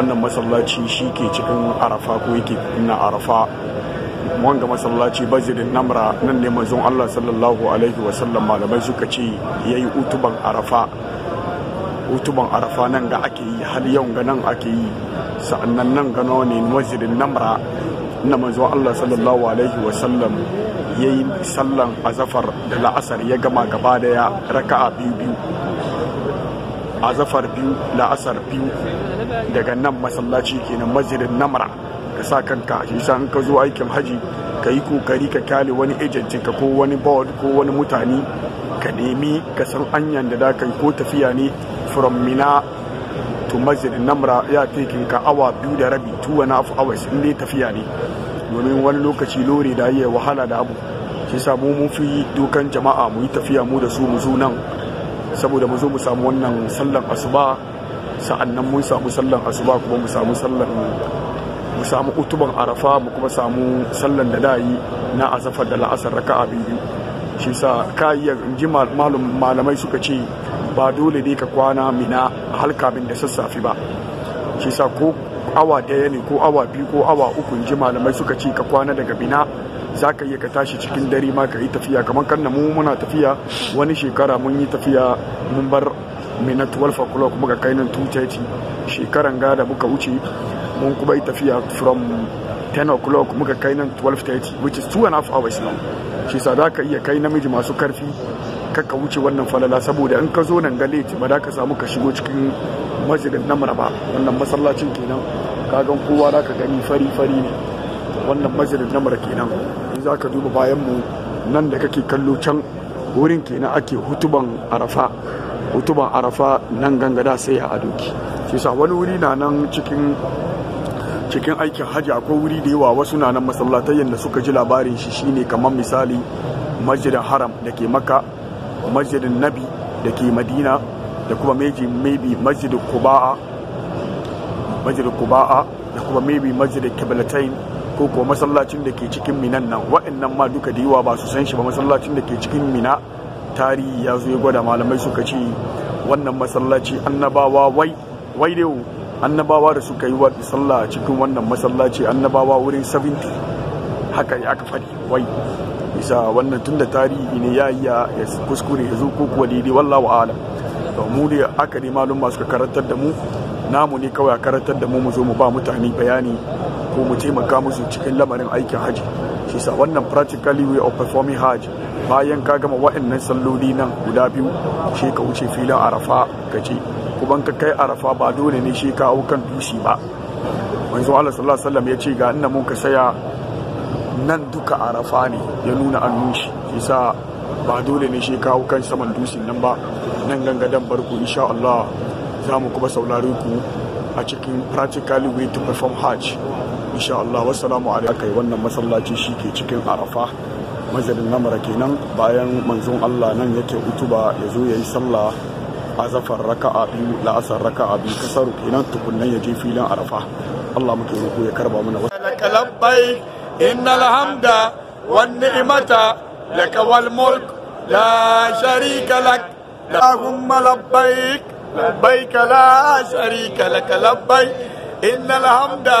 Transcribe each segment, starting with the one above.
wannan masallaci shi ke cikin arafa ko yake na arafa wanga masallaci bazirin namra nan ne manzon Allah sallallahu alaihi wasallam malamai suka ce ya yi utuban arafa utuban arafa nan ga ake yi har yau ga nan ake yi sa'annan nan ga ne masjidin namra na manzon Allah sallallahu alaihi wasallam yi sallan azafar da la'asar ya gama gaba da daya raka'a biyu biyu a zafar biyu la'asar biyu daga nan masallaci kenan masjidin namra ka sa kanka shi sa ka zo aikin haji ka yi kokari ka kyale wani ejenti ka ko wani board ko wani mutane ka nemi ka san anyan da da ko tafiya ne from mina to masjid namra ya teke ka awa biyu da rabi two and a half hours in dai tafiya ne domin wani lokaci lori da ya wahala da abu shi sa mu mun fi dokan jama'a mu yi tafiya mu da su mu zo nan saboda mu zo mu samu wannan sallan asuba sa'annan mun samu sallan asuba kuma mu samu sallan mu samu utuban arafa mu kuma samu sallar da dayi na azafar da la'asar raka'a biyu shi sa kayan ji malamai suka ce ba dole ne ka kwana mina har kafin da sassafe ba shi sa ko awa daya ne ko awa biyu ko awa uku ji malamai suka ce ka kwana daga mina za ka iya ka tashi cikin dare ma ka yi tafiya kamar kan mu muna tafiya wani shekara mun yi tafiya mun bar mina 12 o'clock muka kai nan 2:30 shekaran gada muka wuce mun kuma yi tafiya from 10 o'clock muka kai nan 12:30 which is two and a half hours long shi sa za ka iya kai namiji masu karfi kaka wuce wannan falala saboda in ka zo nan ga late ba za ka samu ka shigo cikin masjidin namra ba wannan masallacin kenan ka gan kowa za ka gani fari fari ne wannan masjidin namara kenan in za ka duba bayan mu nan da kake kallo can wurin kenan ake hutuban arafa hutuban arafa nan gangada sai a doki shi sa wani wuri na nan cikin cikin aikin hajji akwai wuri da yawa wasu na nan masallatai yadda suka ji labarin shi shine kamar misali masjidin haram da ke maka masjidin nabi da ke madina da kuma maybe masjidin kuba'a masjidin kuba'a da kuma maybe masjidin kiblatain ko kuwa masallacin da ke cikin minan nan wa'annan ma duka da yiwa ba su san shi ba masallacin da ke cikin mina tarihi ya zo ya gwada malamai suka ce wannan masallaci annabawa wai wai dai annabawa da suka yi wa sallah cikin wannan masallaci annabawa wurin 70 haka ya aka faɗi wai bisa wannan tunda tarihi ne ya yi ya kuskure ya zo ko kuwa daidai wallahu alam to mu ne aka ne malum masu karantar da mu namu ne kawai a karantar da mu mu zo mu ba mutane bayani ko mu taimaka musu cikin lamarin aikin haji shi sa wannan practically way of performing hajj bayan ka gama wa'annan salloli nan guda biyu shi ka wuce filin arafa ka ce kuma ka kai arafa ba dole ne shi ka hau kan dushi ba manzo Allah sallallahu alaihi wasallam ya ce ga inna mun ka saya nan duka arafa ne ya nuna annun shi sa ba dole ne shi hau kan saman dusin nan ba nan gangadan barku insha Allah za mu kuma saurare ku a cikin practically way to perform hajj insha Allah wassalamu alaikum kai wannan masallaci shi ke cikin arafa majalin namara kenan bayan manzon Allah nan yake utuba ya zo ya yi sallah azafar raka'a biyu la'asar raka'a biyu kasaru kenan tukunnan ya je filin arafa Allah muke roƙo ya karba mana wasu labbai innal hamda wan ni'mata laka wal mulk la sharika lak lahumma labbaik labbaik la sharika lak labbaik innal hamda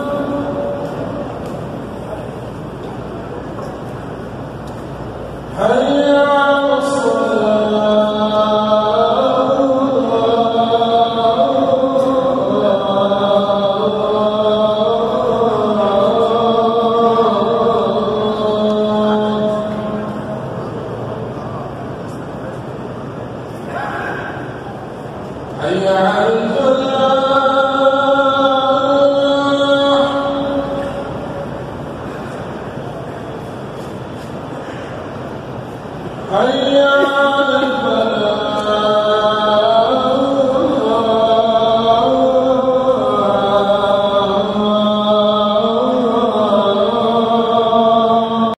هيا على الصلاة